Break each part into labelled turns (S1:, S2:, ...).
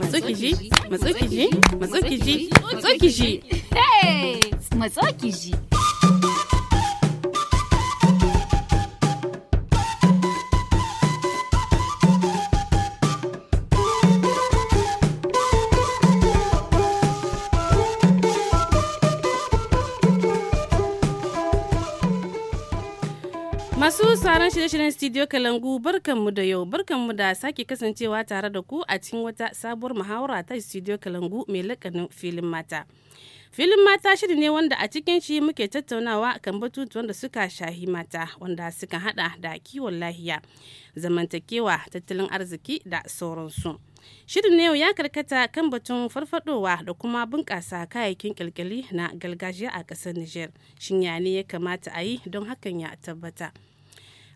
S1: matsokiji
S2: sauraron shirye-shiryen studio kalangu barkanmu da yau barkanmu da sake kasancewa tare da ku a cikin wata sabuwar muhawara ta studio kalangu mai lakanin filin mata filin mata shiri ne wanda a cikin shi muke tattaunawa kan batutuwan da suka shahi mata wanda suka hada da kiwon lahiya zamantakewa tattalin arziki da sauransu shirin na yau ya karkata kan batun farfadowa da kuma bunƙasa kayayyakin kyalkyali na gargajiya a ƙasar niger shin ne ya kamata a yi don hakan ya tabbata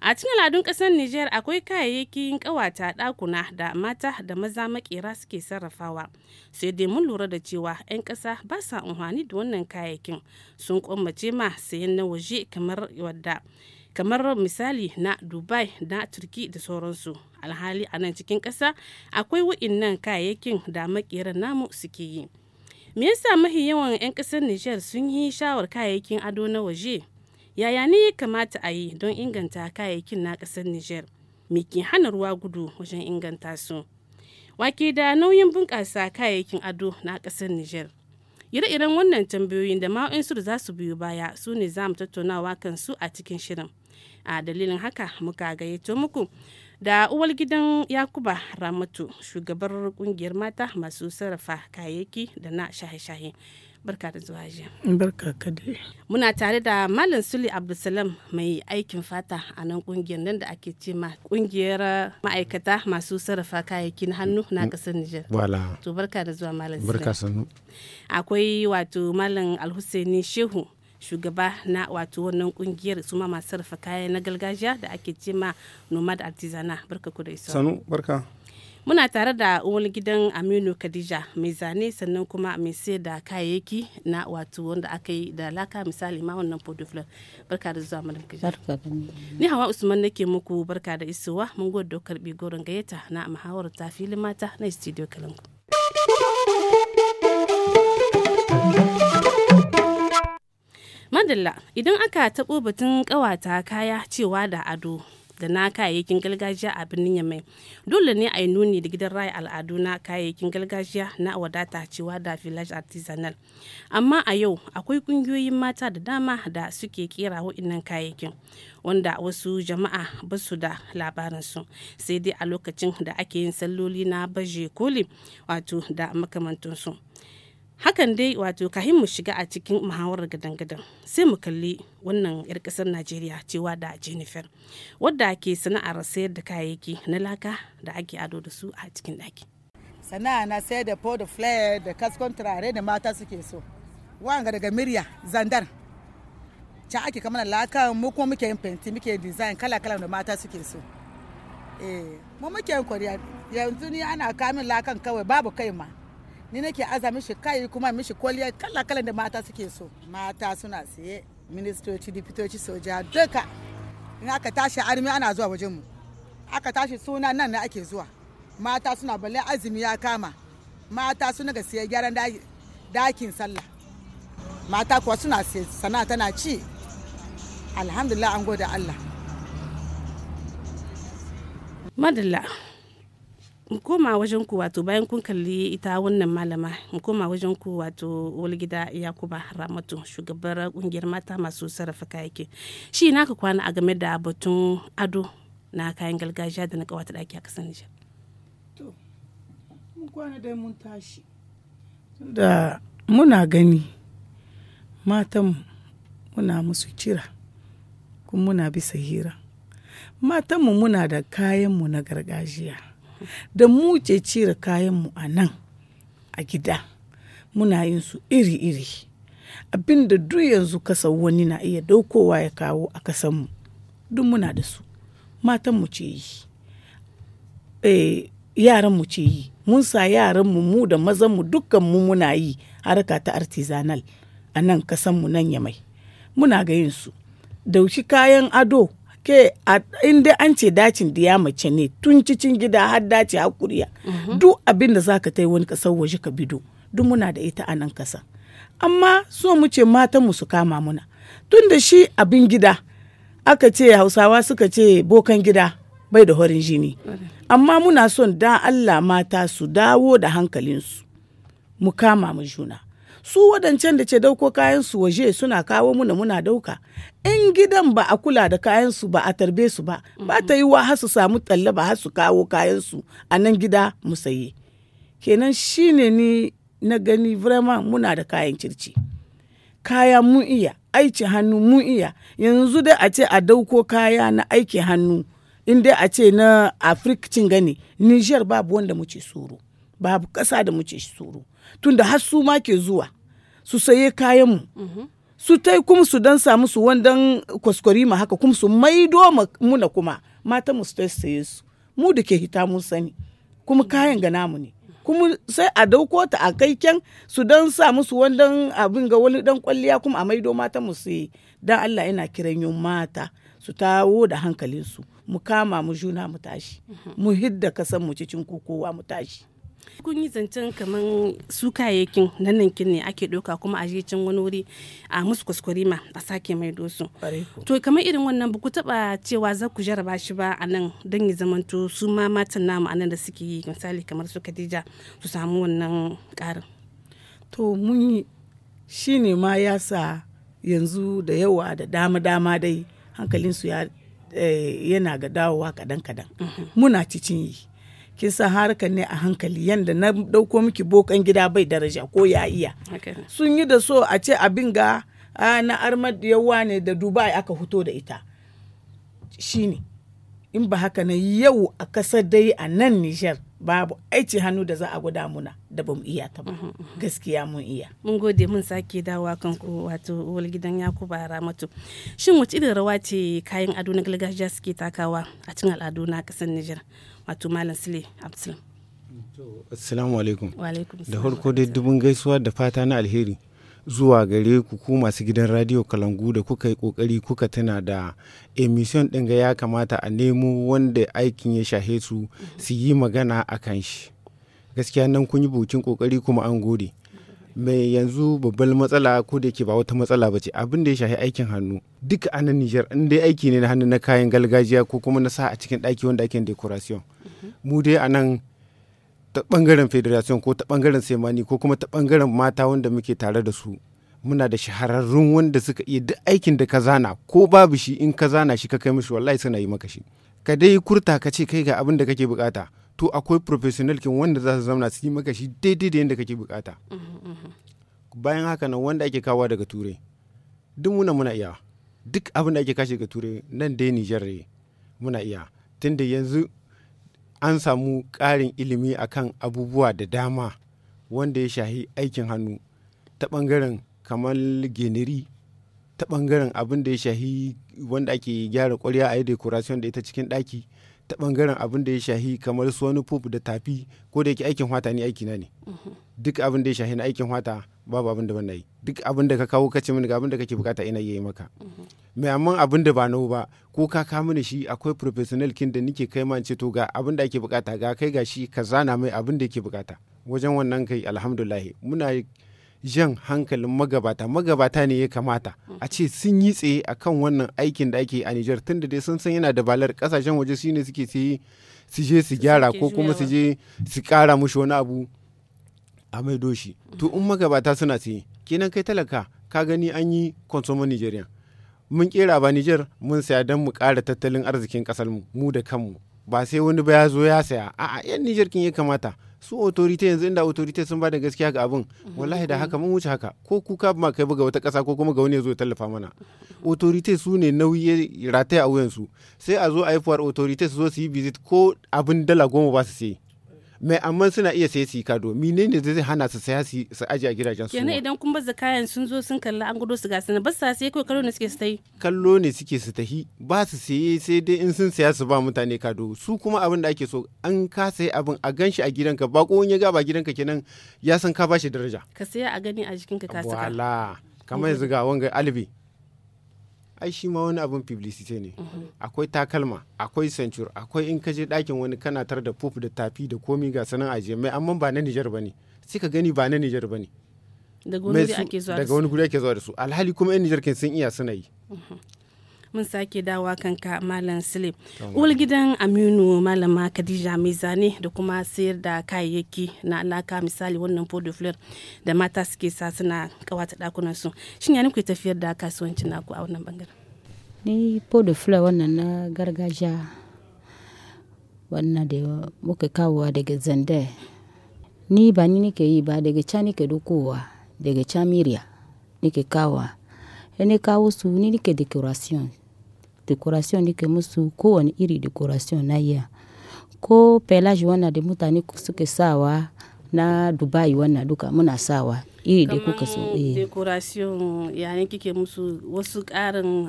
S2: A cikin aladun kasar Nijar akwai kayayyakin ƙawata ɗakuna da mata da maza makera suke sarrafawa. Sai dai mun lura da cewa 'yan kasa ba sa amfani da wannan kayayyakin sun kwamace ma sayan na waje kamar wadda. kamar misali na dubai na turki da sauransu alhali a nan cikin ƙasa akwai wa'innan kayayyakin da maƙera namu suke yi me yasa mahi yawan 'yan kasar niger sun yi shawar kayayyakin ado na waje yaya ne ya kamata a yi don inganta kayayyakin na kasar nijar me ke hana ruwa gudu wajen inganta su wake da nauyin bunƙasa kayayyakin ado na kasar nijar ire-iren wannan tambayoyin da da za su biyu baya su ne za mu tattaunawa kansu a cikin shirin a dalilin haka muka gayyato muku da uwar gidan yakuba ramatu shugabar kungiyar mata masu sarrafa kayayyaki da na shahe-shahe barka da zuwa jiya
S3: barka kadai
S2: muna tare da malam suli abdulsalam mai aikin fata a nan kungiyar nan da ake ce ma kungiyar ma'aikata masu sarrafa na hannu na kasar nijar
S4: wala to
S2: barka da zuwa malam barka sanu akwai wato malam alhusaini shehu shugaba na wato wannan kungiyar su ma masu sarrafa kayan na gargajiya da ake ce ma nomad artisana barka ku da isa sanu barka muna tare da wani gidan aminu kadija mai zane sannan kuma mai sai da kayayyaki na wato wanda aka yi da laka misali ma wannan podoflar barka da zuwa madam kaji ni hawa usman nake muku barka da isowa mun gode karbi goron gayyata na muhawarar ta filin mata na studio kalanku madalla idan aka taɓo batun ƙawata kaya cewa da ado da na kayayyakin gargajiya a birnin yamai dole ne a yi nuni da gidan raya al'adu na kayayyakin gargajiya na wadata cewa da village artisanal amma a yau akwai kungiyoyin mata da dama da suke kera wa'innan kayayyakin wanda wasu jama'a ba su da labarinsu sai dai a lokacin da ake yin salloli na baje koli wato da makamantansu hakan dai wato kahin mu shiga a cikin muhawarar gadan-gadan sai mu kalli wannan 'yar kasar najeriya cewa da jennifer wadda ke sana'ar sayar da kayayyaki na laka da ake ado da su a cikin ɗaki
S3: sana'a na sayar da pod flare da kaskon turare da mata suke so wanga daga mirya zandar can ake kamar lakan mu kuma muke yin fenti muke design kala-kala da mata suke so eh mu muke yin koriya yanzu ni ana kamin lakan kawai babu kai ma ni nake aza mishi kai kuma mishi kwaliya kala kala da mata suke so mata suna siye ministoci dipitoci soja duka in aka tashi armi ana zuwa wajen mu aka tashi suna nan ne ake zuwa mata suna balle azumi ya kama mata suna ga siya gyaran dakin sallah mata kuwa suna siya sana'a tana ci alhamdulillah an gode allah
S2: madalla mu koma wajen ku wato bayan kun kalli ita wannan malama mu koma wajen ku wato walgida yakuba ramatu shugabar kungiyar mata masu sarrafa kayayyaki shi n'a ka kwana a game da batun ado na kayan gargajiya da na kawata daki a kasan nijar to
S3: mun kwana dai mun tashi da muna gani matan muna musu cira kuma muna bisa hira matanmu muna da kayanmu na gargajiya da mu ke cire mu a nan a gida muna yin su iri-iri abinda da duk yanzu kasar wani na iya daukowa ya kawo a kasanmu duk muna da su matanmu ce yi eh, yaranmu ce yi mun sa yaranmu mu da mazanmu dukkanmu muna yi haraka ta artisanal a nan kasanmu nan ya mai muna ga yin su dauki kayan ado ke in dai an ce dacin diya mace ne tun cikin gida har dace har kuriya mhm. duk abin da ta yi wani kasar waje ka bido duk muna da ita a nan kasa amma so mu ce matan mu su kama muna tun da shi abin gida aka ce hausawa suka ce bokan gida bai da horin jini amma muna son da Allah mata su dawo da hankalinsu mu kama mu juna su waɗancan da ce dauko kayan su waje suna kawo muna muna dauka in gidan ba a kula da kayan su ba a tarbe su ba ba ta yi wa hasu samu talla ba hasu kawo kayan su a nan gida mu saye kenan shine ni na gani vraiment muna da kayan kirci kaya mun iya aiki hannu mu iya yanzu dai a ce a dauko kaya na aiki hannu in dai a ce na afirka cin gani niger babu wanda muke tsoro babu ƙasa da muke tsoro tunda har su ma ke zuwa su saye kayanmu su tai kuma su dan samu su wandan kwaskwari ma haka kuma su maido muna kuma mata mu su tai saye su mu da ke hita mun sani kuma kayan ga namu ne kuma sai a dauko ta a kai kyan su dan sa musu wandan abin ga wani dan kwalliya kuma a maido mata mu su dan Allah yana kiran yun mata su tawo da hankalin su mu kama mu juna mu tashi mu hidda kasan mu cikin kokowa mu tashi
S2: kun yi zancen kamar su kayayyakin nan nankin ne ake doka kuma a jicin wani wuri a musu kuskure ma a sake mai dosu to kamar irin wannan ba ku taɓa cewa za ku jarraba shi ba a nan don ya zamanto su ma matan namu a nan da suke yi misali kamar su Khadija su samu wannan
S3: ƙarin to mun yi shi ne ma ya sa yanzu da yawa da dama dama dai hankalinsu ya eh, yana ga dawowa kadan kadan mhm. muna cikin yi kin san harkar ne a hankali yadda na dauko miki bokan gida bai daraja ko ya iya sun yi da so a ce abin ga na armar yawa ne da dubai aka fito da ita shine in ba haka na yau a kasar dai a nan nijar babu aici hannu da za a gwada muna da bamu iya ta ba mhm, mhm. gaskiya mun iya mun gode mun
S2: sake dawowa kan ku wato wal gidan yakuba ramatu shin wace irin rawa ce kayan ado na gargajiya suke takawa a cikin al'adu na kasar Nijar wato malam Sule Abdul
S5: Assalamu alaikum da farko dai dubun gaisuwa da fata na alheri zuwa gare ku ku masu gidan radio kalangu da kuka yi kokari kuka tuna da emission ɗin ga ya kamata a nemo wanda aikin ya shahe su su yi magana a kan shi gaskiya nan kun yi bukin kokari kuma an gode mai yanzu babbar matsala ko da ke ba wata matsala ba ce abin da ya shahe aikin hannu duka a nan Nijar in dai aiki ne na hannu na kayan galgajiya ko kuma na sa a cikin ɗaki wanda ake decoration mu dai a nan ta bangaren federation ko ta bangaren semani ko kuma ta bangaren mata wanda muke tare da su muna da shahararrun wanda suka iya duk aikin da ka zana ko babu shi in ka zana shi ka kai mishi wallahi suna yi maka shi ka dai kurta ka ce kai ga abin da kake bukata to akwai professional kin wanda za su zauna su yi maka shi daidai da yadda kake bukata bayan haka nan wanda ake kawo daga turai duk muna muna iya duk abin da ake kashe daga turai nan dai Nijar ne muna iya tunda yanzu an samu ƙarin ilimi akan abubuwa da dama wanda ya shahi aikin hannu ta ɓangaren kamar generi ta ɓangaren abin da ya shahi wanda ake gyara ƙwarya a yi decoration da ita cikin ɗaki ta bangaren abin da ya shahi kamar su wani pop da tafi ko da yake aikin hwata ne aiki mhm. ne duk abin da ya shahi na aikin hwata babu abin da yi duk abin da ka kawo ka ce mini ga abin da kake bukata ina yi maka mai mhm. amma abin da ba nawo ba ko ka ka mini shi akwai professional kin da nike kai man ce to ga abin da ake bukata ga kai ga shi ka zana mai abin da yake bukata wajen wannan kai alhamdulillah muna jan hankalin magabata magabata ne ya kamata a ce sun yi tsaye a kan wannan aikin da ake a Nijar tunda dai sun san yana da balar kasashen waje shine suke su je su gyara ko kuma su je su kara mushi wani abu a mai doshi to in magabata suna tsaye kenan kai talaka ka gani an yi consumer nijeriya. mun kera ba Nijar mun saya don mu kara tattalin arzikin kasar mu mu da kanmu ba sai wani ba ya zo ya saya a'a yan Nijar kin ya kamata su autorite yanzu inda autorite sun da gaskiya ga abin wallahi da haka mun wuce haka ko kuka ma kai buga wata kasa ko kuma ga wani ya zo tallafa mana autorite su ne nauyi rataya a wuyansu sai a zo a yi fuwar autorite su zo su yi visit ko abin dala goma ba su sai mai amma suna iya saye sika domin ne menene zai hana su saya su aje a gidajen su kenan
S2: idan kun baza kayan sun zo sun kalla an gudo su ga sana ba su sai kawai kallo ne suke
S5: su tahi kallo ne suke su tahi ba su saye sai dai in sun saya su ba mutane kado su kuma abin da ake so an ka sayi abin a ganshi a gidanka ba ko ya ga ba gidanka kenan ya san ka ba shi daraja
S2: ka saya a gani a jikinka ka saka
S5: wala kamar mm. yanzu ga wanga alibi ai shi ma wani abin publicity ne akwai takalma akwai sancur akwai in ka je dakin wani kana tar da pop da tafi da komi ga sanan ajiye mai amma ba na Niger bane sai ka gani ba na Niger bane
S2: daga wani guri
S5: ake zuwa da su alhali kuma yan Niger kin sun iya suna yi
S2: mun sake dawa kanka malam sule uwar gidan aminu malama khadija mai zane da kuma sayar da kayayyaki na alaka misali wannan podo fleur da mata suke sa suna kawata dakunan su shin ya nuke tafiyar da kasuwancin naku a wannan bangaren
S6: ni podo fleur wannan na gargajiya wannan da muka kawowa daga zande ni ba ni nake yi ba daga can nake dokowa daga can miriya nake kawowa ne kawo su ni nake decoration decoration ke musu kowane iri decoration na iya ko pelage wana da mutane suke sawa na dubai wana duka muna sawa iri da kuka so eh
S2: decoration yayin kike musu wasu karin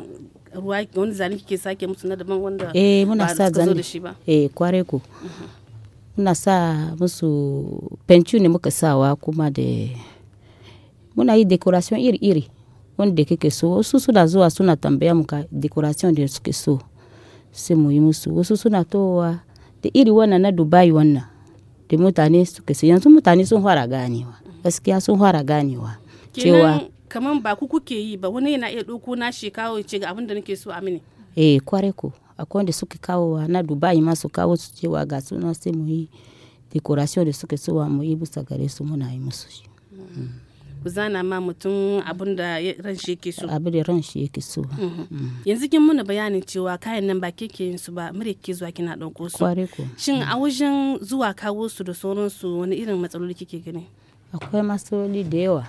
S2: ruwa wani zane kike sake musu na daban wanda eh muna sa zane
S6: eh kware ko mhm. muna sa musu pencu ne muka sawa kuma da muna yi decoration iri-iri wanda kake so wasu suna zuwa suna tambaya muka decoration da suke so sai mu yi musu wasu suna towa da iri wannan na dubai wannan da mutane suke so yanzu mutane sun fara ganewa gaskiya sun fara ganewa cewa
S2: kaman ba ku kuke yi ba wani yana iya ɗauko na shi kawo ce ga abin da nake so a mini
S6: eh kware ko akwai wanda suke kawowa na dubai ma su kawo su cewa ga suna sai mu yi decoration da suke so wa mu yi bisa gare su muna yi musu
S2: shi mm. ku zana ma mutum abin da ran shi yake so abin da ran shi yake so mhm. mm. yanzu kin muna bayanin cewa kayan nan ba ke yin su ba mure ke zuwa kina dauko su kware ko shin mm. a wajen zuwa kawo su da su wani irin matsaloli kike gani
S6: akwai matsaloli da yawa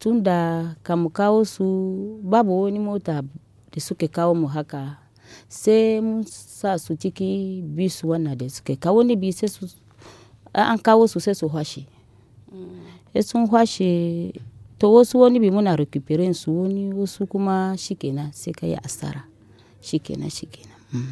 S6: tun da ka mu kawo su babu wani mota da suke kawo mu haka sai mun sa su ciki bisu wannan da suke kawo ni bi sai su an kawo su sai su hwashe mm. sun hwashe to wasu wani bi muna recuperin su wani wasu kuma shikenan sai ka yi asara shikenan shikenan
S4: mm.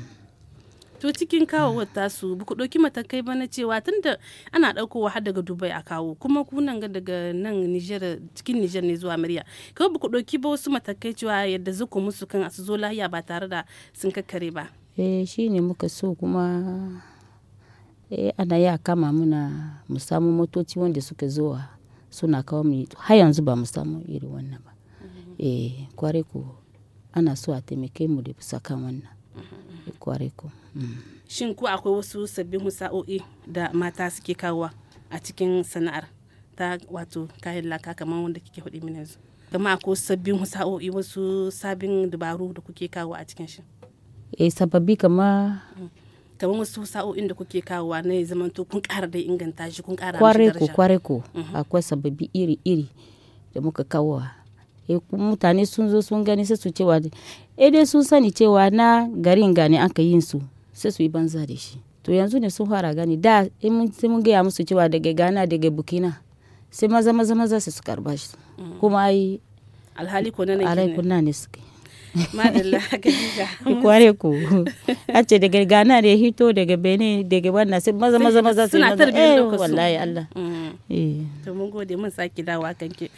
S2: to cikin kawo wata su ku ɗauki matakai bana cewa cewa da ana ɗaukowa har daga dubai a kawo kuma kunan ga daga nan nijar cikin nijar ne zuwa murya kawo ba ku ɗauki ba wasu matakai cewa yadda zuku musu kan su zo lahiya ba tare da sun kakkare ba
S6: eh shi ne muka so kuma eh ana ya kama muna mu samu motoci wanda suka zo suna kawo mu har yanzu ba mu samu iri wannan ba mhm. eh kware ku ana so a taimake mu da bisa kan wannan mhm. eh, kware ku mm.
S2: shin ko akwai wasu sabbin musa'o'i da mata suke kawowa a cikin sana'ar ta wato kayan laka kamar wanda kike hudu mini yanzu kama akwai sabbin musa'o'i wasu sabbin dabaru da kuke kawo a cikin shi
S6: eh sababbi kama mm.
S2: kamar wasu sa'o'in da kuke kawowa na ya zamanto kun kara dai inganta shi kun kara kware ko kware ko mhm.
S6: akwai sababbi iri iri da muka kawo e eh, mutane sun zo sun gani sai su cewa e eh dai sun sani cewa na garin gane aka yin su sai su yi banza da shi to yanzu ne sun fara gani da sai mun gaya musu cewa daga gana daga bukina sai maza maza maza su karba shi mm. kuma ai
S2: alhali ko na ne suke madalla khadija kware ku
S6: ace daga gana da ya hito daga bene daga wannan sai maza maza maza suna tarbiyyar eh, ku wallahi Allah mm. eh
S2: to mun gode mun saki dawa kanki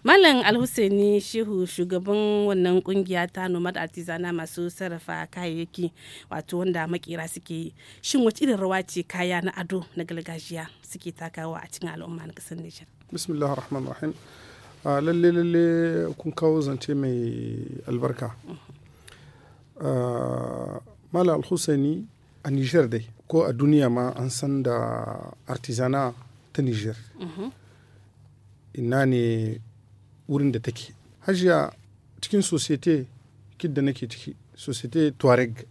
S2: Malam Alhusaini Shehu shugaban wannan kungiya ta Nomad Artisana masu sarrafa kayayyaki wato wanda makera suke yi. Shin wace irin rawa ce kaya na ado na gargajiya suke takawa a cikin al'umma na kasar Nijar?
S7: Bismillahir Rahmanir Rahim. a ah, lalle lalle kun kawo zance mai albarka ah, mala alhusani a niger dai ko a duniya ma an san da artisana ta niger mhm. ina ne wurin da take hajiya cikin societe kid da nake ciki societe tuareg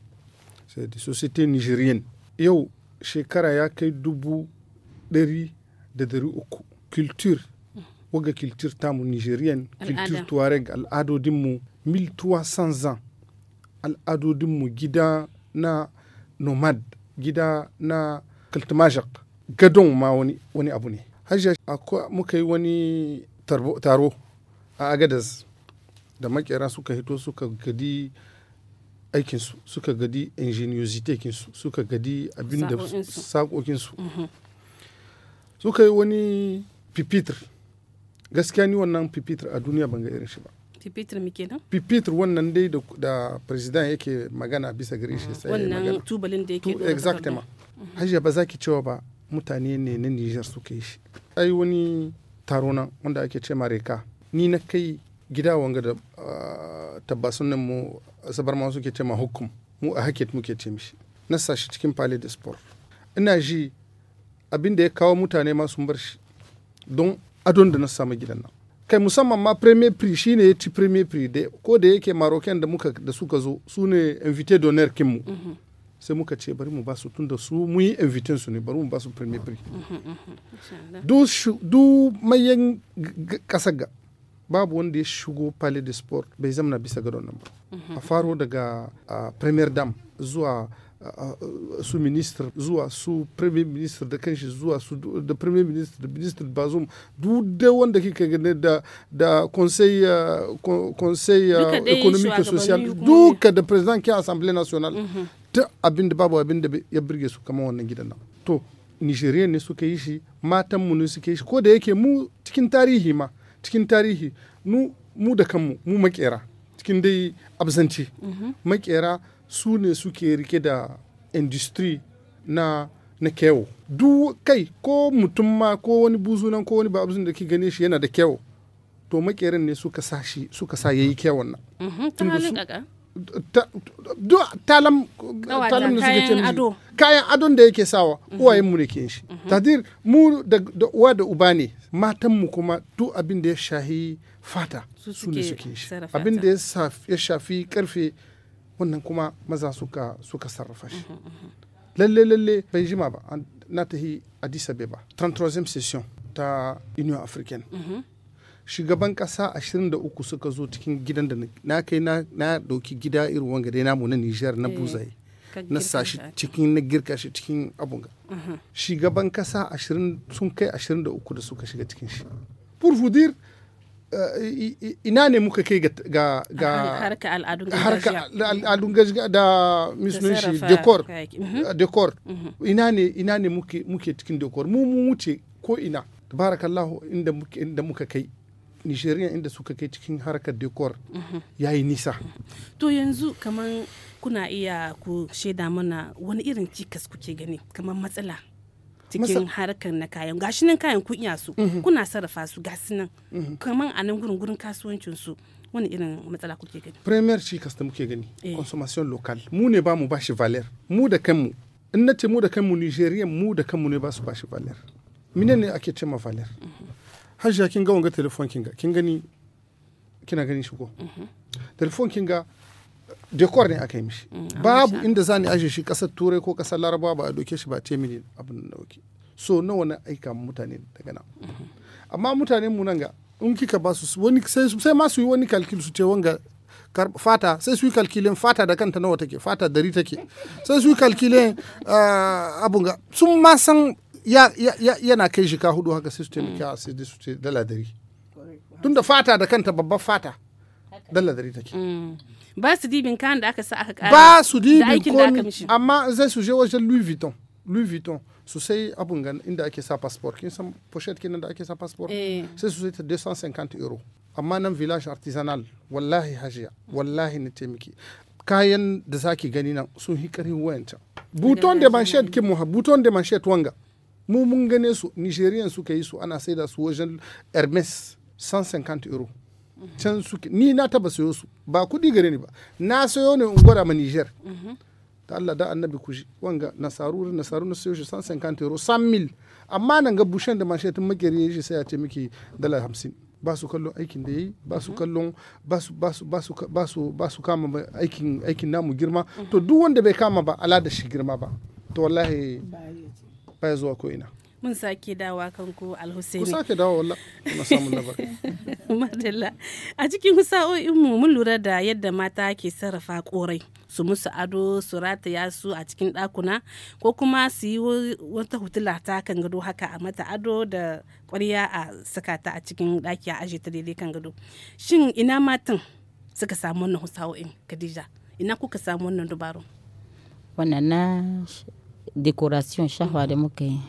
S7: societe nigerian yau shekara ya kai dubu dari da dari uku culture waga kiltir tamu nigerian kiltir tuareg al'adodinmu 1300 ans al'adodinmu gida na nomad gida na kaltamajak gadon ma wani, wani abu ne hajjia muka yi wani taro a agadas da makera suka hito suka gadi aikinsu suka gadi ingeniousitekinsu suka gadi abin da sakokinsu mhm. suka yi wani pipitre gaskiya ni wannan pipitar a duniya ban ga irin shi ba
S2: pipitar kenan
S7: wannan dai da, da president yake magana bisa gare shi sai wannan tubalin da yake exactement hajiya ba za ki cewa ba mutane ne na Niger suka yi shi ai wani taro nan wanda ake ce mareka ni na kai gida wanga da ah, tabbasun nan mu sabar ma suke ce ma hukum mu a haket muke ce mishi na sashi cikin pali de sport ina ji abin da ya kawo mutane ma sun bar shi don adon da na samu gidan nan kai musamman ma premier prix shine ya ci premier prix da ko da yake marocain da muka da suka zo su ne invité d'honneur kin mu mhm. sai muka ce bari mu ba su tunda su mu yi invité su ne bari mu ba su premier prix
S4: mhm, mhm,
S7: du mayan kasa ga babu wanda ya shigo palais de sport bai zamana bisa ga nan ba a faro daga premier dam zuwa su ministar zuwa su premier minister da kanshi zuwa su da premier minister da minister bazum duk da wanda kika gane da da conseil conseil economique social duka da president ke assemblée nationale mhm. ta abin da babu abin da ya burge su kamar wannan gidan nan to nigeria ne suka yi shi matan mu ne suka yi shi ko da yake mu cikin tarihi ma cikin tarihi mu mu da kanmu mu makera cikin dai absanci mhm. makera su ne suke rike da industry na na kyau duk kai ko mutum ma ko wani buzunan ko wani babu da ke gane shi yana da kyau to makerin ne suka sa shi suka sa yayi kyawun nan mhm, ta talam talam da suke cin kayan adon da yake sawa mhm. uwayen mu ne ke shi mhm. tadir mu da uwa da uba ne matan mu kuma duk abin da ya shahi fata su ne suke shi abin da ya shafi karfe wannan kuma maza suka suka sarrafa shi lalle lalle bai jima ba na ta tahi addis abeba 33 session ta union african shugaban kasa 23 suka zo cikin gidan da na kai na doki gida irin wanga dai namu na niger na eh, buzaye na sa shi cikin na girka shi cikin abunga shugaban kasa 20 sun kai 23 da suka shiga cikin shi pour Eh, ina ne muka kai ga ga harka al'adun gajiya da misnunshi shi decor mhm. uh, decor mhm. ina ne ina ne muke cikin decor mu mu wuce ko ina tabarakallahu inda muke inda muka kai nishiriyar inda suka kai cikin harkar decor mhm. yayi nisa
S2: to yanzu kaman kuna iya ku shaida mana wani irin cikas kuke gani kamar matsala cikin harkar na kayan gashi nan kayan kun iya su mhm. kuna sarrafa su gasu nan mhm. kaman a nan gurin gurin kasuwancin su wani irin matsala kuke gani
S7: premier cikas da muke gani eh. consommation local mu ne ba mu shi valer mu da kanmu in na ce mu da kanmu nigeria mu da kanmu ne ba su shi valer mine ne ake ce ma valer mhm. hajiya kin ga wanga telefon kin ga kin gani kina gani shigo telefon kin ga dekor ne aka yi mishi mm, babu inda za ni aje shi kasar turai ko kasar larabawa ba a doke shi ba ce mini abin da dauke so nawa na aika mutane daga nan mm-hmm. amma mutane mu nan ga in kika ba su wani sai ma su yi wani kalkil su ce wanga fata sai su yi kalkilin fata da kanta nawa take fata dari take sai su yi kalkilin ah, abun ga sun ma san yana kai shi ka hudu haka sai su taimaki a mm. sai su ce dala dari tunda fata da kanta babbar fata dala dari take mm.
S2: ba su dibin kayan da aka sa aka kara ba su dibin komi
S7: amma zai su je wajen louis vuitton louis vuitton su sai abun gan inda ake sa passport kin san pochette kin da ake sa passport eh. sai su sai ta 250 euro amma nan village artisanal wallahi hajiya wallahi ni taimaki kayan da zaki gani nan sun hi karin wayanta buton da manchet kin mu buton da manchet wanga mu mun gane su nigerian suka yi su ana saida su wajen hermes 150 euro can suke ni na taba sayo su ba kuɗi gare ni ba na sayo ne in gwada ma Niger da Allah da annabi kushi wanga nasaru nasaru na sayo shi 150 euro 100 mil amma nan ga bushen da mashe tun makere shi sai ya ce miki dala 50 ba su kallon aikin da yayi ba su kallon ba su ba su ba su ba su ba su kama aikin aikin namu girma to duk wanda bai kama ba ala da shi girma ba to wallahi ya zuwa ko ina
S2: mun sake dawa kanku alhussein ku sake dawa wala samun labar madalla a cikin sa'o'inmu mun lura da yadda mata ke sarrafa korai su musu ado su rataya su a cikin ɗakuna ko kuma su yi wata hutula ta kan gado haka a mata ado da ƙwarya a sakata a cikin ɗaki a ajiye ta daidai kan gado shin ina matan suka samu wannan sa'o'in kadija ina kuka samu wannan dubarun
S6: wannan na decoration shahwa da muka yi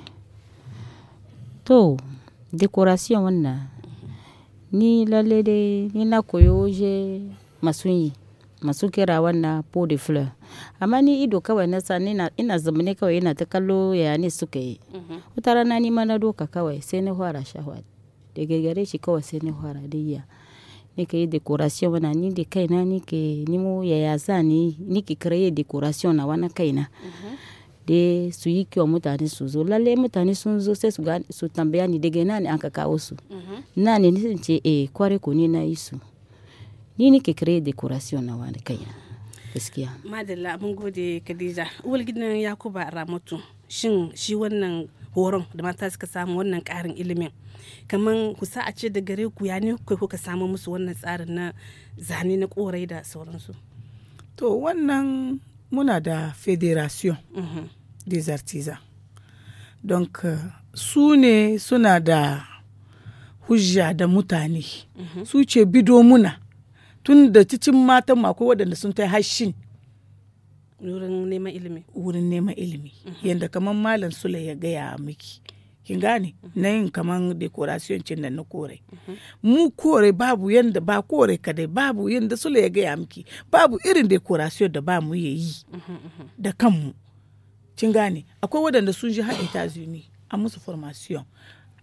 S6: To, decoration wannan ni lalle dai ni na koyo je masu yi, masu kera wannan pot de fleur. Amma ni ido kawai na sa ina, zama ne kawai ina ta kallo ya ne suka yi. Mhm. Wata rana ni ma na doka kawai sai na fara sha'awa. Daga gare shi kawai sai na fara iya ni ka yi decoration wannan ni da kaina nake nimo yaya za ni, kira yi decoration na na kaina. Mhm. de su yi kyau mutane su zo lalle mutane sun zo sai su, su tambaya ni daga na ne an ka kawo su mhm. na ne nisan ce eh kware ko ne na yi su ni ke kare decoration na wani kaina gaskiya
S2: madalla mun gode khadija uwal gidan yakuba ramatu shin shi wannan horon da mata suka samu wannan karin ilimin kamar ku sa a ce da gare ku ya ne kuka samu musu wannan tsarin na zane na korai da sauransu
S3: to wannan muna da federation mm -hmm. des artisans donc eh, su ne suna da hujja da mutane mhm. su ce bido muna tun da cikin matan mako waɗanda sun ta hashin wurin neman ilimi wurin neman ilimi mhm. yadda kamar malam sule ya gaya miki kin gane mhm. na yin kamar decoration cin nan na kore mu kore babu yadda ba kore kadai babu yadda sule ya gaya miki babu irin decoration da ba mu yi da kanmu kin gane akwai waɗanda sun ji haɗin etazuni a musu formation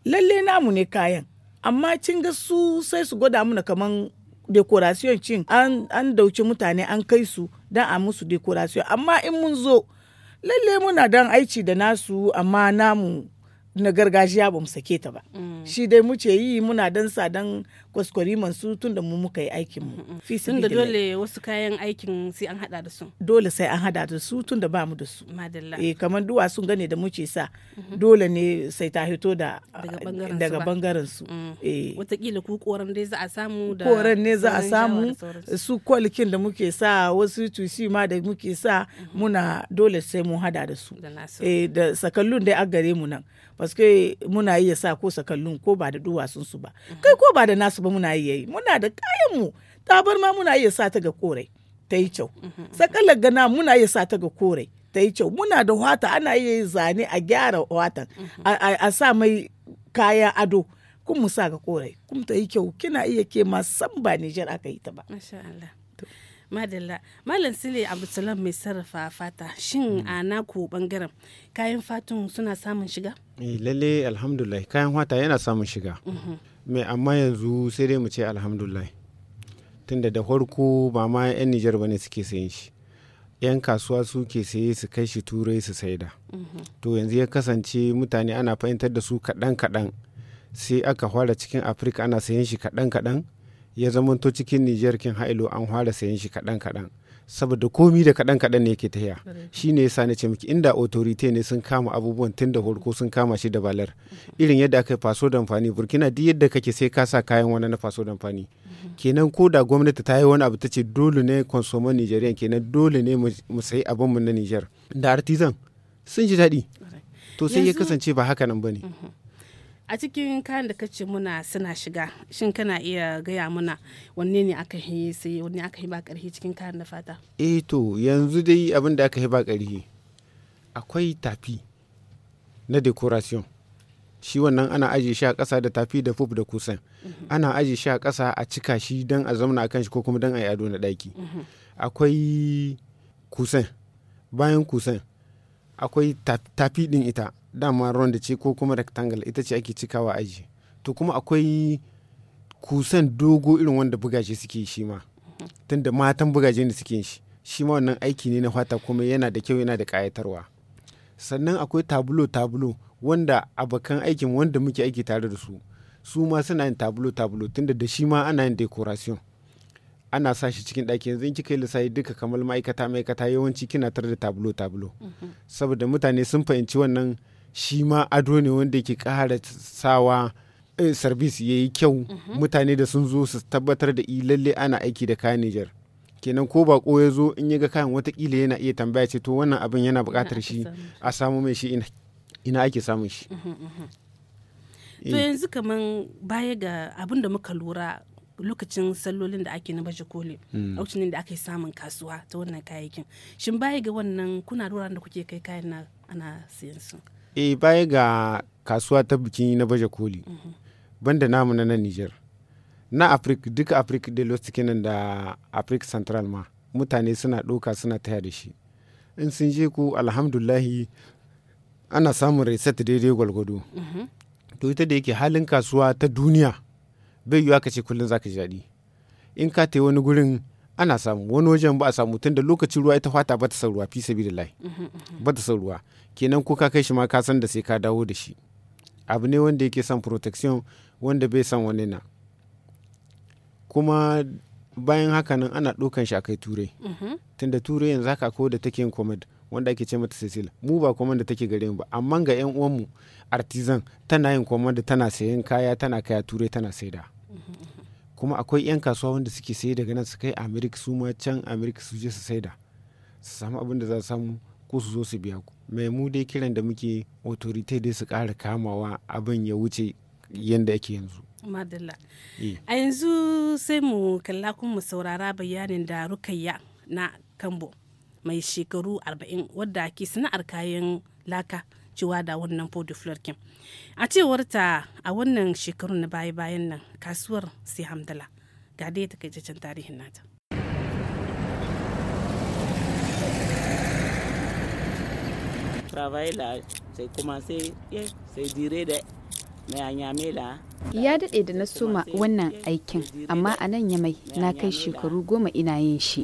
S3: lalle namu ne kayan amma kin ga su sai su gwada muna kaman decoration cin an, an dauki mutane an kai su don a musu decoration amma in mun zo lalle muna dan aici da nasu amma namu na gargajiya ba mu sake ta ba mm. shi dai ce yi muna dansa dan kwaskwari su tun da mu muka yi aikin mu tun da dole
S2: wasu kayan aikin sai an hada da su
S3: dole sai an hada da su tun da ba mu da su eh kamar sun gane da muke sa mm-hmm. dole ne sai ta hito da daga bangaren su mm. eh
S2: watakila ku koran dai za a samu da koran ne za a samu
S3: su kwalikin da muke sa wasu tusi ma da muke sa mm-hmm. muna dole sai mu hada da su eh da sakallun dai a gare mu nan paske muna iya sa ko sakallun ko ba da duwatsun su ba mhm. kai ko ba da nasu ba muna iya yi muna da kayan mu tabarma muna iya sa ta ga korai ta yi kyau mhm. sakalar gana muna iya sa ta ga korai ta yi kyau muna da wata ana iya yi zane a gyara wata mhm. a sa mai kaya ado kun mu sa ga korai kun ta yi kyau kina iya ke ma san ba Nijar aka yi ta ba. Masha Allah.
S2: madalla malam sile abdulsalam mai sarrafa fata shin hmm. a naku bangaren kayan fatun suna samun shiga
S5: eh, lalle alhamdulillah kayan fata yana samun shiga
S2: mai
S5: mhm. amma yanzu sai dai mu ce alhamdulillah tunda da farko ba ma 'yan nijar ba ne suke sayen shi 'yan kasuwa su ke saye su kai shi turai su saida mhm. to yanzu ya kasance mutane ana fahimtar da su kaɗan-kaɗan sai aka fara cikin afirka ana sayan shi kaɗan-kaɗan ya zamanto cikin nijar kin hailo an fara sayan shi kaɗan kaɗan saboda komi da kaɗan kaɗan ne yake tahiya shi ne yasa na ce miki inda autorite ne sun kama abubuwan tun da horko sun kama shi da balar irin yadda aka faso da amfani burkina duk yadda kake sai ka sa kayan wani na faso da amfani mhm. kenan ko da gwamnati ta yi wani abu ta ce dole ne konsoman nigerian kenan dole ne mu sayi mu na nijar da artisan sun ji daɗi to sai ya kasance ba haka nan ba ne mhm.
S2: a cikin kayan da kace muna suna shiga shin kana iya gaya muna wanne ne aka yi sai wanne aka yi ba cikin kayan da fata
S5: eh to yanzu dai abin da aka yi ba karhi akwai tafi na decoration shi wannan ana aje shi a ƙasa da tafi da fuf da kusan mhm. ana aje shi a ƙasa a cika shi don a zauna a kan shi ko kuma don a yi ado na daki mhm. akwai kusan bayan kusan akwai tafi ɗin ita dama ronda ce ko kuma rectangle ita ce ake cikawa aji to kuma akwai kusan dogo irin wanda bugaje suke shi ma tunda matan bugaje ne suke shi shi ma wannan aiki ne na fata kuma yana da kyau yana da kayatarwa sannan akwai tabulo tabulo wanda abokan aikin wanda muke aiki tare da su su ma suna yin tabulo tabulo tunda da shi ma ana yin decoration ana sa shi cikin ɗaki yanzu in kika yi lissafi duka kamar ma'aikata ma'aikata yawanci kina tare da tabulo tabulo mm-hmm. saboda mutane sun fahimci wannan shi ma ado ne wanda ke kara sawa eh, sarbis ya yi kyau mhm. mutane da sun zo su tabbatar da eh, lalle ana aiki da kayan Nijar. kenan ko bako ya zo in ya ga kayan watakila yana iya tambaya ce to wannan abin yana buƙatar shi a samu mai shi ina ake samun shi mhm, mhm. to eh.
S2: yanzu kamar baya ga abin da muka lura lokacin sallolin da ake na baje koli mm. a da aka yi samun kasuwa ta wannan kayayyakin shin baya ga wannan kuna lura da kuke kai kayan na ana siyan su
S5: e baya ga kasuwa ta biki na baje koli mhm. banda namu na nan niger na afirka duka afirka da lost kenan da afirka central ma mutane suna ɗauka suna taya da shi in sun je ku alhamdulahi ana samun reset daidai gwalgwado mhm. to ita da yake halin kasuwa ta duniya bai yiwa ka ce kullum zaka ji daɗi in ka tai wani gurin ana samu wani wajen ba a samu tun da lokacin ruwa ita fata bata san ruwa fi da lai bata san ruwa kenan ko ka kai shi ma ka san da sai ka dawo da shi abu ne wanda yake son protection wanda bai san wani na kuma bayan haka nan ana ɗaukan shi a kai turai tunda turai yanzu haka ko da take yin wanda ake ce mata cecil mu ba comed da take gare mu ba amma ga yan uwan mu artisan tana yin da tana sayan kaya tana kaya turai tana saida kuma akwai 'yan kasuwa wanda suke sai daga nan su kai amerika su ma can amerika su je su saida su samu abin da za su samu ko su zo su biya ku mai mu dai kiran da muke authority dai su ƙara kamawa abin ya wuce yadda ake yanzu madalla eh.
S2: a yanzu sai mu kalla kuma mu saurara bayanin da rukayya na kambo mai shekaru 40 wadda ke sana'ar kayan laka cewa da wannan pot de fleur kin a cewar ta a wannan shekarun na baya bayan nan kasuwar sai hamdala ga dai takaitaccen tarihin nata
S6: travail là, j'ai
S3: sai yeah, c'est eh, dire de
S1: Ya dade da na soma wannan eh, aikin, amma a nan yamai na kai shekaru goma ina yin shi.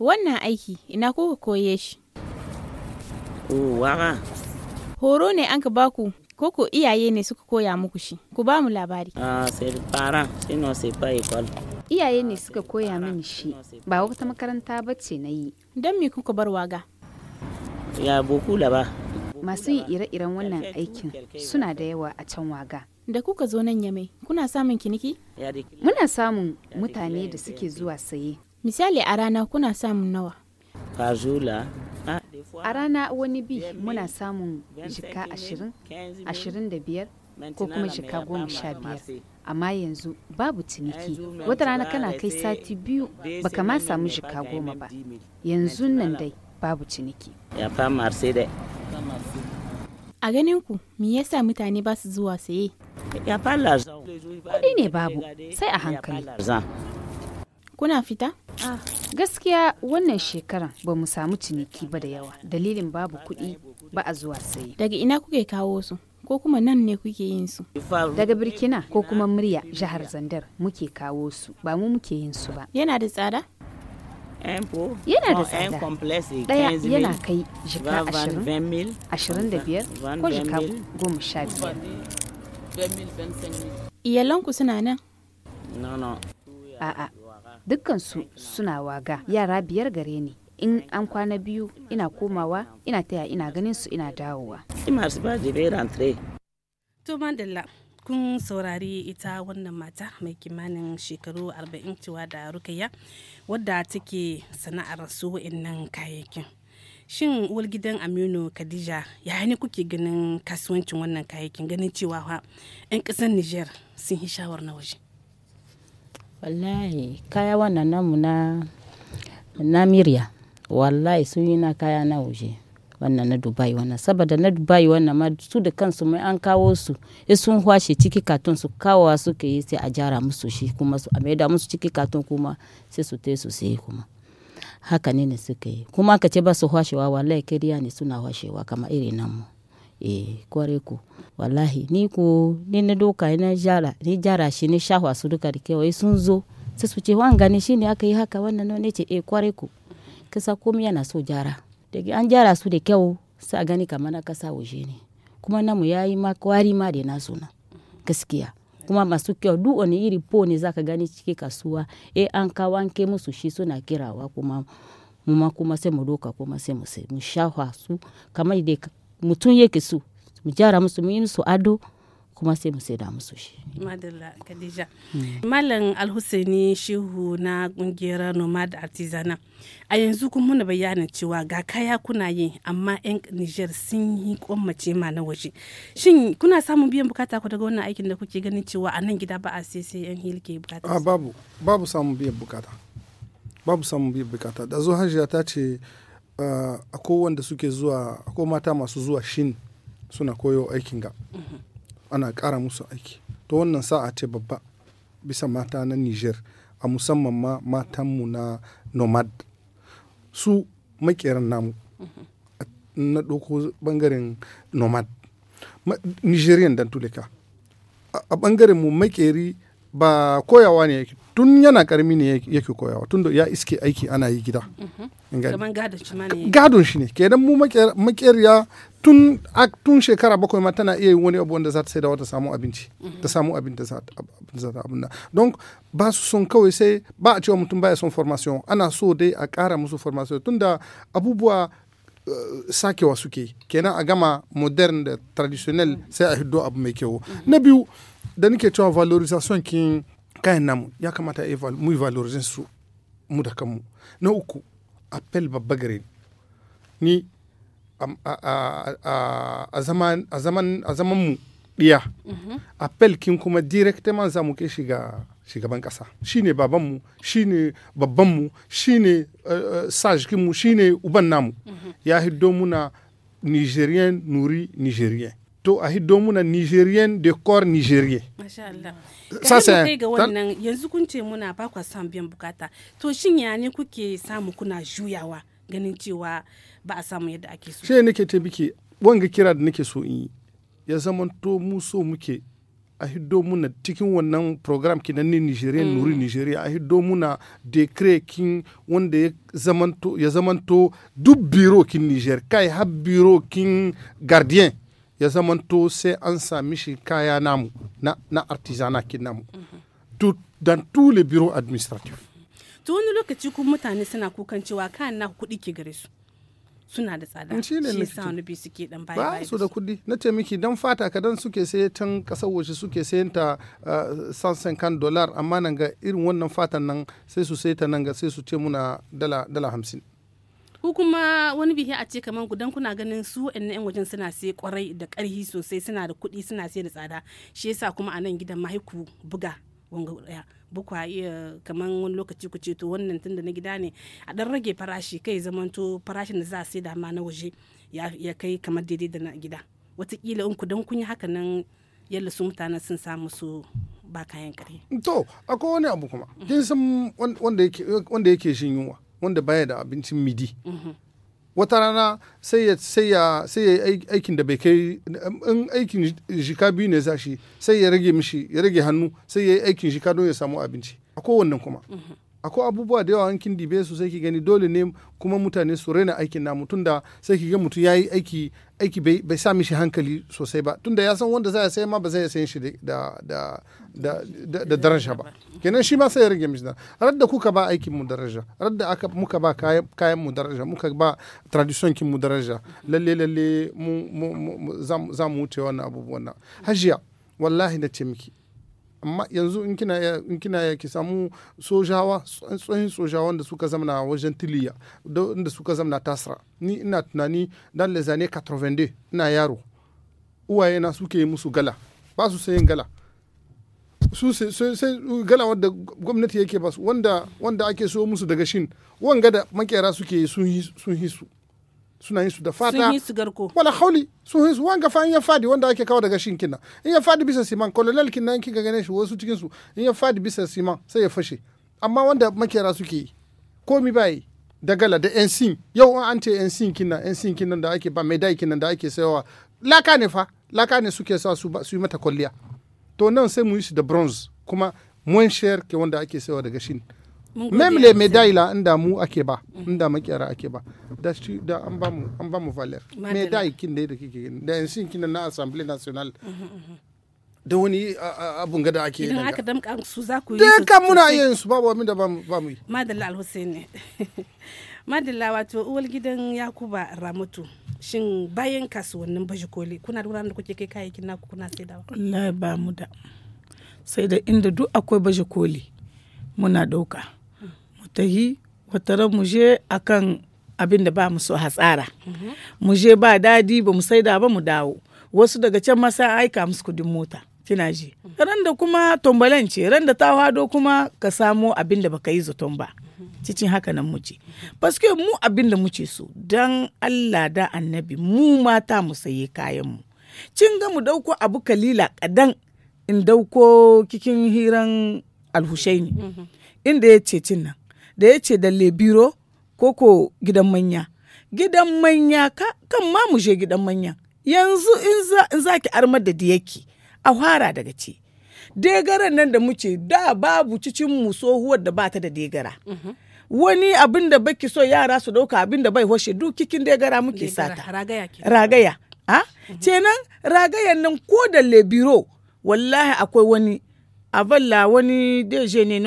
S6: Wannan aiki, ina kuka koye shi? wawa horo ne an ka baku ku. koko iyaye ne suka koya muku shi ku ba mu labari ah sai fara sai fa
S1: iyaye ne suka koya min shi ba wata makaranta ba ce na yi don me kuka bar waga
S6: ya boku laba
S1: masu yin ire-iren wannan aikin suna da yawa a can waga da kuka zo nan yamai kuna samun kiniki muna samun mutane da suke zuwa saye misali a rana kuna samun nawa
S6: kazula
S1: a rana wani bi muna samun jika ashirin ashirin da biyar ko kuma jika goma sha biyar amma yanzu babu ciniki wata rana kana kai sati biyu baka ma samu jika goma ba yanzu nan dai babu ciniki
S6: a ganin ku me yasa mutane ba su zuwa saye
S1: kudi ne babu sai a hankali kuna fita? Ah, gaskiya wannan shekaran ba mu samu ciniki ba da yawa dalilin babu kuɗi ba a zuwa saye. Daga ina kuke kawo su? Ko kuma nan ne kuke yin su? Daga Burkina ko kuma murya jihar Zandar muke kawo su ba mu muke yin su ba. Yana da tsada? yana da tsada daya yana kai jika ashirin ashirin da biyar ko jika goma sha biyar iyalanku suna nan? a'a dukkansu suna waga yara biyar gare ni in an kwana biyu ina komawa ina taya ina ganin su ina dawowa
S2: to kun saurari ita wannan mata mai kimanin shekaru 40 cewa da rukayya wadda take sana'ar su nan kayayyakin shin uwar gidan aminu khadija ya ne kuke ganin kasuwancin wannan kayayyakin ganin cewa 'yan ƙasar niger sun yi shawar na waje
S6: Wallahi kaya wannan namu na, na Miriya. Wallahi sun yi na kaya na waje. Wannan na Dubai wannan. Saboda na Dubai wannan ma su da kansu mai an kawo su. In sun kwashe ciki katon su kawowa suke yi sai a jara musu shi kuma su a da musu ciki katon kuma sai su tai su sai kuma. Haka ne ne suke yi. Kuma ka ce ba su kwashewa wallahi kariya ne suna kwashewa kamar irin namu. Eh kwarai ko walahi ni ko ni na doka na jara ni jara shi ni shahwa su duka da kewaye sun zo sai su ce shi ne shine aka yi haka wannan ne ce e eh, kwarai ko kasa komai yana so jara daga an jara su da kyau sa a gani kamar na kasa waje ne kuma namu yayi ma kwari ma da na suna gaskiya kuma masu kyau duk wani iri po ne zaka gani cikin kasuwa E an kawo an musu shi suna kirawa kuma mu ma kuma sai mu doka kuma sai mu sai mu shahwa su kamar da mutum yake so mu gyara musu mu yi musu ado kuma sai mu da musu shi.
S2: Madalla Khadija. Malam Alhusaini Shehu na kungiyar Nomad Artisanal. A yanzu kun muna bayanin cewa ga kaya kuna yi amma 'yan Nijar sun yi kwammace ma na waje. Shin kuna samun biyan bukata ku daga wannan aikin da kuke ganin cewa a nan gida ba a sai sai 'yan hil ke bukata? Ah,
S7: babu, babu samun biyan bukata. Babu samun biyan bukata. Da zo hajiya ta ce uh, akwai wanda suke zuwa akwai mata masu zuwa shin suna koyo aikin ga ana ƙara musu aiki to wannan sa'a ce babba bisa mata na niger a musamman ma matanmu na nomad su makeran namu na ɗauko bangaren nomad nigerian dan tulika a bangaren mu makeri ba koyawa ne yake tun yana karmi ne yake koyawa tun da ya iske aiki ana yi gida
S2: mhm. gadon shi ne
S7: dan mu makeriya tun tun shekara bakwai ma tana iya yi wani abu wanda za ta sai da ta samu abinci mhm. ta samu abin da za ta abin don ba su son kawai sai ba a cewa mutum baya son formation ana so dai a kara musu formation tunda abubuwa eh, sakewa suke kenan a gama modern da traditional mm. sai a hiddo abu mai kyau mhm. na biyu da nake cewa valorisation kin kayan namu ya kamata mu yi valorizin su mu da kanmu na uku appel babba gare ni a zaman mu ɗiya mhm. appel kin kuma directement za mu ke shiga shugaban kasa shine babanmu shine babbanmu shine eh, eh, sajikinmu shine uban namu mhm. ya hiddo muna nigerian nuri nigerian to a hiddo muna nigerian de corps nigerien mm. sasa kai ga wannan
S2: yanzu kun ce muna ba ku san biyan bukata to shin ya ne kuke samu kuna juyawa ganin cewa ba a samu yadda ake so shi
S7: nake ta biki wanga kira da nake so in yi ya zama to mu so muke a hiddo muna cikin wannan program kinan ne nigeria mm. nuri nigeria a hiddo muna decree kin wanda ya to ya zamanto duk biro kin niger kai har biro kin gardien ya zamanto sai an sami shi kaya namu na, na artisanakin namu mm dan tule biro administratif
S2: to wani lokaci kuma mutane suna kukan cewa kayan na kuɗi ke gare su suna da tsada shi ne sa wani bi suke dan baya ba su da
S7: kuɗi na ce miki dan fata kadan suke sai tun kasar waje suke sayen ta sansan kan dolar amma nan ga irin wannan fatan nan sai su sai ta nan ga sai su ce muna dala dala hamsin
S2: ko kuma wani bihi a ce kamar ku dan kuna ganin su ɗan yan wajen suna sai kwarai da karhi sosai suna da kuɗi suna sai da tsada shi yasa kuma a nan gidan mahaiku buga wanga daya bukwa iya kamar wani lokaci ku ce to wannan tun da na gida ne a dan rage farashi kai zamanto farashin da za a sai da ma na waje ya kai kamar daidai da na gida watakila in ku dan kun yi haka nan yalla su mutanen sun samu su ba kayan kare
S7: to akwai wani abu kuma kin san wanda yake wanda yake shin yunwa wanda baya da abincin midi mhm. wata rana sai ya sai aikin da bai kai in aikin shika biyu ne za shi sai ya rage mishi ya rage hannu sai ya yi aikin shika don ya samu abinci a kowannan kuma mhm. akwai abubuwa da yawa kin dibe su sai ki gani dole ne kuma mutane su raina aikin na mutum da sai ki ga mutum ya yi aiki aiki bai sa mishi hankali sosai ba tunda ya san wanda za ya sai ma ba zai sayan shi da daraja ba kenan shi ma sai ya rage mishi da rar kuka ba aikin mu daraja rar aka muka ba kayan mu daraja muka ba tradition kin mu daraja lalle lalle mu za mu wuce wannan abubuwan nan hajiya wallahi na ce miki amma yanzu in kina ya ya ki samu sojawa tsohin sojawa da suka zamana wajen tiliya da suka zamana tasra ni ina tunani dan lezane 82 ina yaro uwaye na suke yi musu gala ba su sayin gala su sai gala wanda gwamnati yake ba su wanda ake so musu daga shin wanga da makera suke yi sun hisu suna yin su da fata sun yi su garko wala hauli sun yi su wanga fa in ya fadi wanda ake kawo daga shin kinna in ya fadi bisa siman kolonel kinna in kika gane shi wasu cikin su in ya fadi bisa siman sai ya fashe amma wanda makera suke yi komi bai da gala da yan sin yau an ce yan sin kinna yan sin kinna da ake ba mai dai kinna da ake sayawa laka ne fa laka ne suke sa su su yi mata kwalliya to nan sai mu yi su da bronze kuma mun share ke wanda ake sayawa daga shin
S4: Même les médailles
S7: là, inda mu ake ba, inda makiyara ake ba. Da shi da an ba mu an ba mu valeur. Médaille kin da kike da sin kin na Assemblée nationale. Da wani abun gada ake idan aka
S2: damka su za ku yi. Duka muna yin su babu abin da ba mu yi. Madalla Al-Hussein ne. Madalla wato uwal gidan Yakuba Ramatu. Shin bayan kasuwannin baji koli kuna da wuraren da kuke kai kayayyakin naku kuna saidawa? Wallahi ba mu
S3: da. Sai da inda duk akwai baji koli muna ɗauka. tahi wataran mu je akan abin da ba mu so hatsara mhm. muje ba dadi ba mu saida ba mu dawo wasu daga can ma sai aika musu kudin mota kina ji mhm. ran da kuma tombalan ce ran da ta hado kuma ka samo abin da baka yi zaton ba mhm. cikin haka nan ce paske mu abin da muke so dan Allah da annabi mu mata mu saye kayan mu cin ga mu dauko abu kalila kadan in dauko kikin hiran alhushaini inda ya ce cin nan da ya ce da lebiro ko ko gidan manya gidan manya kan ma mu je gidan manya yanzu in za ki armar da diyaki a fara daga ce degara nan da muke da babu cikin mu tsohuwar da bata da degara mhm. wani abin da baki so yara su dauka abin da bai washe duk kikin degara muke sata
S2: ragaya
S3: ce mhm. kenan ragayan nan ko da lebiro wallahi akwai wani aballa wani deje ne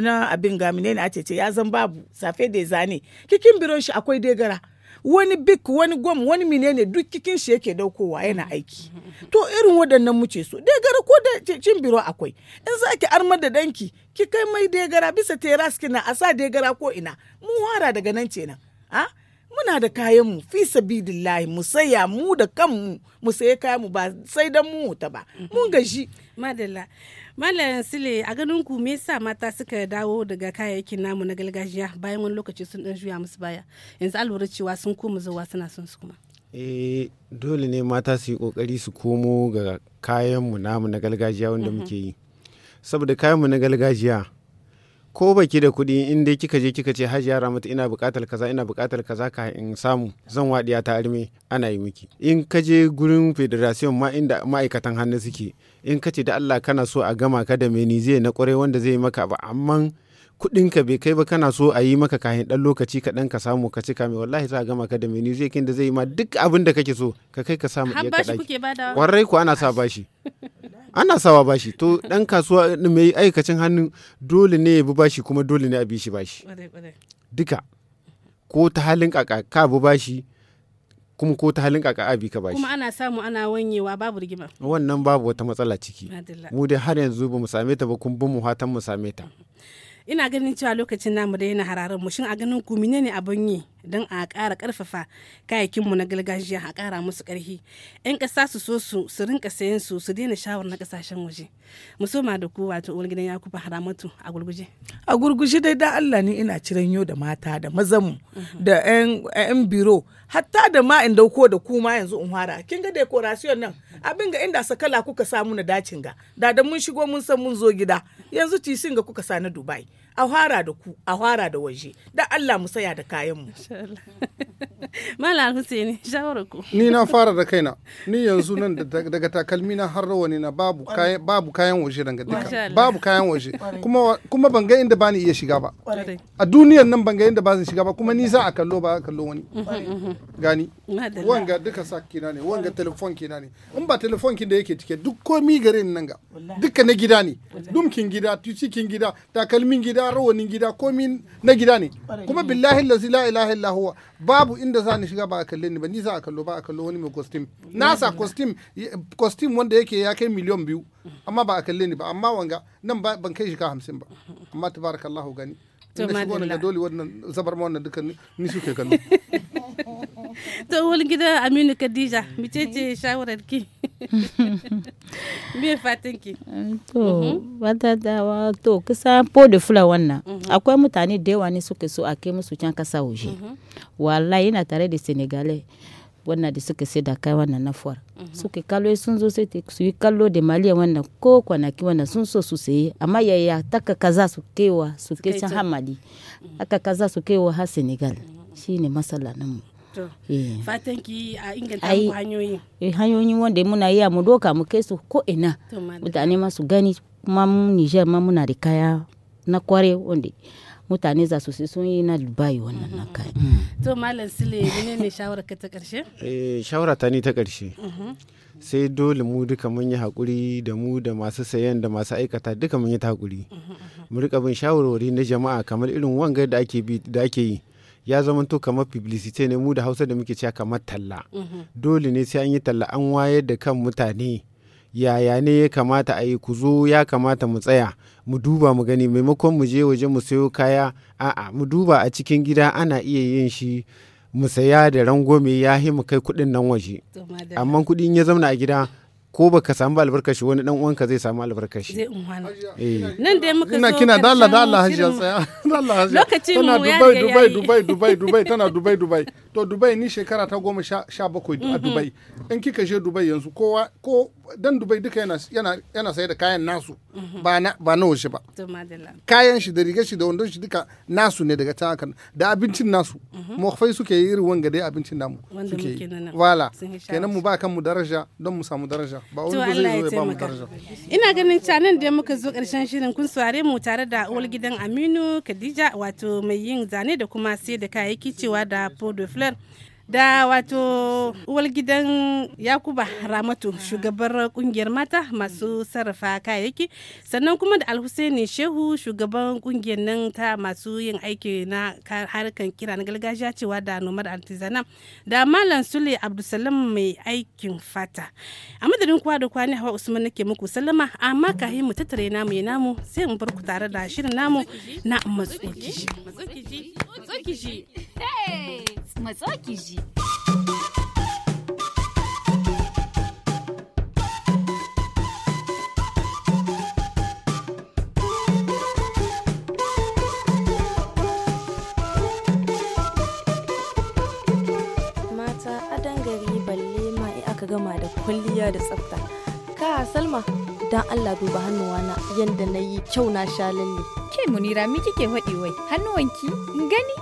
S3: na abin gamine na ce ya zan babu safe da zane kikin biron shi akwai degara wani bik wani gwam wani menene duk kikin shi yake daukowa yana aiki to irin waɗannan muce so degara ko da cin biro akwai in za ki armar da danki ki kai mai degara bisa teras kina a sa degara ko ina mu wara daga nan kenan a muna da kayan mu fi sabidillahi mu saya mu da kanmu mu saye kayan mu ba sai dan mu ta ba mun gaji madalla Malam
S2: Sile a ganin ku me yasa mata suka dawo daga kayayyakin namu na gargajiya bayan wani lokaci sun dan juya musu baya. Yanzu alwara cewa sun koma zuwa suna son su kuma.
S5: Eh dole ne mata su yi kokari su komo ga kayanmu namu na gargajiya wanda mhm. muke yi. Saboda kayanmu na gargajiya ko baki da kuɗi in dai kika je kika ce hajiya ramata ina buƙatar kaza ina buƙatar kaza ka in samu zan waɗiya ta arme ana yi miki in ka je gurin federation ma inda ma'aikatan hannu suke in ka ce da Allah kana so a gama ka da meni zai na kwarai wanda zai maka ba amma kudinka ka bai kai ba kana so a yi maka kahin dan lokaci ka dan ka samu ka cika mai wallahi za a gama ka da meni zai kin da zai ma duk abin da kake so ka kai ka samu iya kaɗa warai ku ana sa bashi ana sawa bashi to dan kasuwa mai aikacin hannu dole ne ya bi bashi kuma dole ne a bi shi bashi duka ko ta halin kaka ka bi bashi kuma ko ta halin kaka abi ka bashi kuma
S2: ana samu ana wanyewa babu rigima
S5: wannan babu wata matsala ciki mu dai har yanzu ba mu same ta ba kun bin mu hatan mu same ta
S2: ina ganin cewa lokacin namu da yana hararin mu shin a ganin ku menene abin yi don a kara karfafa ƙarfafa kayayyakinmu na gargajiya a kara musu ƙarfi 'yan ƙasa su so su su rinka sayan su su daina shawar na ƙasashen waje mu soma da ku wato uwar gidan yakuba haramatu a gurguje
S3: a gurguje dai da allah ne ina ciran yau da mata da mazanmu da 'yan biro hatta da ma in dauko da kuma yanzu in fara kin ga decoration nan abin ga inda sakala kuka samu na dacin ga da da mun shigo mun san mun zo gida yanzu tisin ga kuka sa na dubai a fara da ku a fara da waje da Allah mu saya da kayan mu Malam Hussein shawara ku ni na fara
S7: da kaina ni yanzu nan daga takalmi na har rawani na babu kayan babu kayan waje daga duka
S4: babu kayan waje
S7: kuma kuma ban ga inda bani iya shiga ba a duniyar nan ban ga inda ba zan shiga ba kuma ni za a kallo ba kallo wani gani wanga duka sak kina ne wanga telefon kina ne in ba telefon kin da yake cike duk komi ni nan ga duka na gida ne dumkin gida tucikin gida takalmin gida rawanin gida komi na gida ne kuma billahi lazi la ilaha illa huwa babu inda za ni shiga ba a kalle ni ba ni za a kallo ba a kallo wani mai costume nasa costume costume wanda yake ya kai miliyan biyu amma ba a kalle ni ba amma wanga nan ban kai shi ka hamsin ba amma tabarakallahu gani to shigo dole wannan zabar ma wannan dukkan ni suke kallo
S2: to wani gida aminu khadija mice ce shawarar ki me fatan ki to
S6: wata mhm. dawa to kusa po fula wannan mhm. akwai mutane da yawa ne suke so a kai musu can kasa waje mhm. wallahi yana tare da senegalai wannan da suka sai da kai wannan na fuwar mhm. suka kallo sun zo sai su yi kallo da maliya wannan ko kwanaki wannan sun so su saye amma yaya taka kaza su kaiwa su kai can hamali mhm. aka kaza su kaiwa har senegal mhm. ne matsala na mu eh.
S2: fatan ki a inganta mu hanyoyi
S6: eh, hanyoyin wanda muna yi mu doka mu kai su ko ina mutane ma su gani kuma mu Niger ma muna da kaya na kware wanda mutane za su sai sun yi na dubai wannan mhm. na kai
S2: mm. to malam sile ne ne shawara ka ta karshe
S5: eh shawara ta ne ta karshe mhm. sai dole mu duka mun yi hakuri da mu da masu sayan da masu aikata duka mun yi ta hakuri mhm, mu rika bin shawarwari na jama'a kamar irin wanga da ake bi da ake yi ya zama to kamar publicity ne mu da hausa da muke cewa kamar talla dole ne sai an yi talla an wayar da kan mutane yaya ne ya kamata a yi ku zo ya kamata mu tsaya mu duba mu gani maimakon mu je waje mu sayo kaya a'a mu duba a cikin gida ana iya yin shi mu saya da rangwame ya mu kai kuɗin nan waje amma kudin ya zauna a gida ko baka samu albarkashi wani dan uwanka zai samu albarkashi
S2: eh. nan dai muka ina kina dalla dalla hajiya tsaya dalla hajiya lokacin mu ya dubai dubai
S7: dubai dubai tana dubai dubai to dubai ni shekara ta goma sha bakwai a mhm. dubai in kika je dubai yanzu kowa ko dan dubai duka yana sayar da kayan nasu mhm. ba na waje ba kayan shi da rigar shi da wandon shi duka nasu ne daga ta hakan da abincin nasu mawafai mhm. suke yi irin wanga dai abincin namu suke yi wala kenan mu ba kan mu daraja don mu samu daraja ba wani ba zai zo ba mu daraja
S2: ina ganin canan da muka zo karshen shirin kun sware mu tare da uwar gidan Aminu Khadija wato mai yin zane da kuma sai da kayayyaki cewa da Podo fular da wato uwar gidan yakuba ramatu shugabar kungiyar mata masu sarrafa kayayyaki sannan kuma da alhusaini shehu shugaban kungiyar nan ta masu yin aiki na harkan kira na gargajiya cewa da nomar altizana da malam sule abdulsalam mai aikin fata a madadin kuwa da kwani hawa usman nake muku sallama amma kahi mu tattare namu ya namu sai mu barku tare da shirin namu na
S1: hey matso ki ji. Mata adan gari balle ma aka gama da kwalliya da tsafta. Ka Salma dan Allah duba hannuwa hannuwana yanda na yi kyau na sha lalle. Ke munira mi kike haɗi wai hannuwanki gani?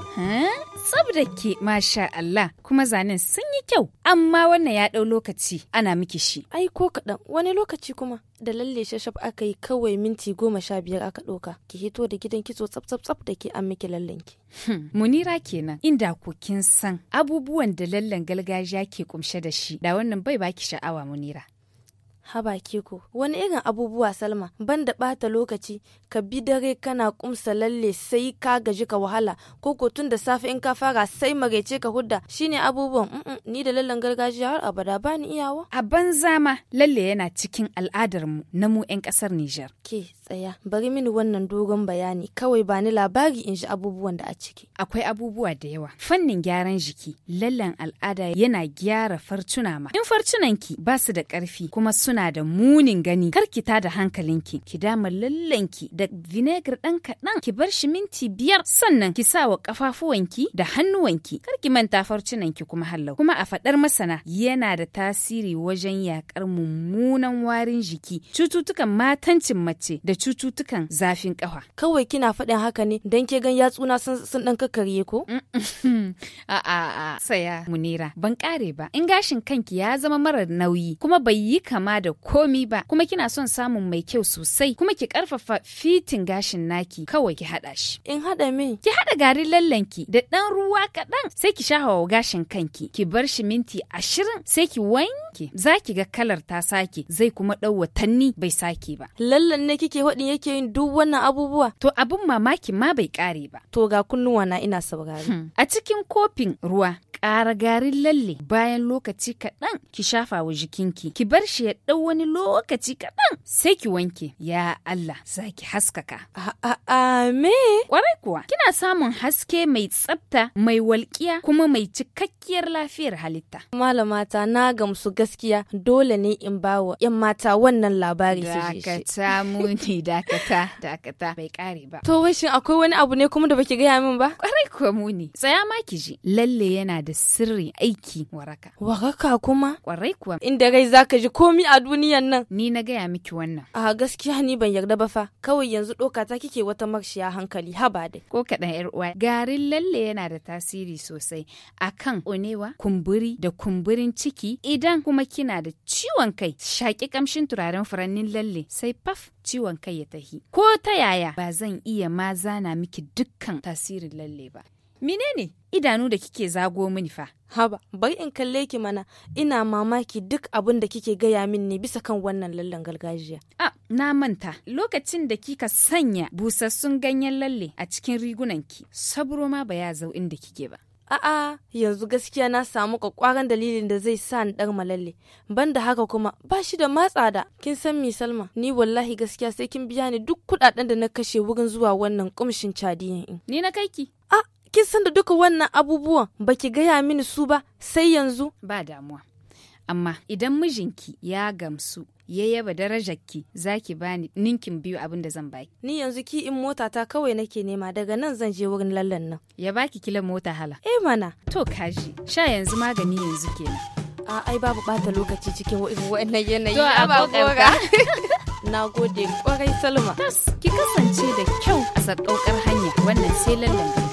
S1: Tsab da ke masha Allah kuma zanen sun yi kyau amma wannan ya ɗau lokaci ana miki shi. Ai ko kaɗan wani lokaci kuma da lalle shashaf aka yi kawai minti goma sha biyar aka ɗauka ki hito da gidan kitso tsaf tsaf da ke an miki lallen ki. Hmm. Munira kenan inda ku kin san abubuwan da lallen gargajiya ke kumshe da shi da wannan bai baki sha'awa Munira. haba keko wani irin abubuwa salma banda bata lokaci ka bi dare kana kumsa lalle sai ka gaji ka wahala ko ko tun da safe in ka fara sai magaice ka hudda shine abubuwan mm -mm, ni da lallan gargajiya har abada bani iyawa a banza ma lalle yana cikin al'adar mu na mu yan kasar Nijar. ke tsaya bari mini wannan dogon bayani kawai bani labari in ji abubuwan da a ciki akwai abubuwa da yawa fannin gyaran jiki lallan al'ada yana gyara farcuna ma in farcunanki ba su da ƙarfi. kuma suna da munin gani kar ki da hankalinki ki dama lallanki da vinegar dan kaɗan ki bar shi minti biyar sannan ki sa wa kafafuwanki da hannuwanki kar ki manta farcunanki kuma hallau kuma a faɗar masana yana da tasiri wajen yakar mummunan warin jiki cututtukan matancin mace da cututtukan zafin kafa. Kawai kina faɗin haka ne dan ke gan yatsuna sun ɗan kakkarye ko? a a a saya munira ban kare ba in gashin kanki ya zama mara nauyi kuma bai yi kama da komi ba kuma kina son samun mai kyau sosai kuma ki karfafa fitin gashin naki kawai ki haɗa shi. In haɗa me? Ki haɗa garin lallanki da ɗan ruwa kaɗan sai ki shahawa gashin kanki ki bar shi minti ashirin sai ki wanke za ki ga kalar ta sake zai kuma ɗau watanni bai sake ba. Lallan ne kike faɗi yake yin duk wannan abubuwa. To abun mamaki ma bai ƙare ba. To ga kunnuwa na ina saurari. Hmm. A cikin kofin ruwa ƙara garin lalle bayan lokaci kaɗan ki shafa wa jikinki ki bar shi ya ɗau wani lokaci kaɗan sai ki wanke ya Allah za ki haskaka. A me? Kwarai kuwa kina samun haske mai tsafta mai walƙiya kuma mai cikakkiyar lafiyar halitta. Malamata na gamsu gaskiya dole ne in bawa 'yan mata wannan labari su Dakata muni dakata dakata bai kare ba. To wai shin akwai wani abu ne kuma da baki gaya min ba? Kwarai kuwa muni tsaya ma ki ji lalle yana da da sirri aiki waraka. Waraka kuma? Kwarai kuwa. Inda gai ka ji komi a duniyan nan. Ni na gaya miki wannan. A gaskiya ni ban yarda ba fa. Kawai yanzu ɗoka ta kike wata makshiya hankali haba dai. Ko kaɗan yar uwa. Garin lalle yana da tasiri sosai akan onewa, kumburi da kumburin ciki idan kuma kina da ciwon kai shaƙi kamshin turaren furannin lalle sai faf ciwon kai ya tahi. Ko ta yaya ba zan iya ma zana miki dukkan tasirin lalle ba. mine ne idanu da kike zago mini fa haba bai in kalle ki mana ina mamaki duk abin da kike gaya min ne bisa kan wannan lallan gargajiya a na manta lokacin da kika sanya busassun ganyen lalle a cikin rigunanki saburo ma ba ya zau inda kike ba a'a yanzu gaskiya na samu kwakwaran dalilin da zai sa ni dar malalle banda haka kuma ba shi da matsa da kin san mi salma ni wallahi gaskiya sai kin biya ni duk kudaden da na kashe wurin zuwa wannan kumshin cadiyan in ni na kai ki kin san da duka wannan abubuwan ba ki gaya mini su ba sai yanzu ba damuwa amma idan mijinki ya gamsu ya yaba darajarki za ki bani ninkin biyu abin da zan baki. Ni yanzu ki in mota ta kawai nake nema daga nan zan je wurin lallan nan. Ya baki kila mota hala. Eh mana. To kaji sha yanzu magani yanzu kenan. A ai babu bata lokaci cikin wa'annan yanayi. To a Na gode kwarai Salma. ki kasance da kyau a sakaukar hanya wannan sai lallan.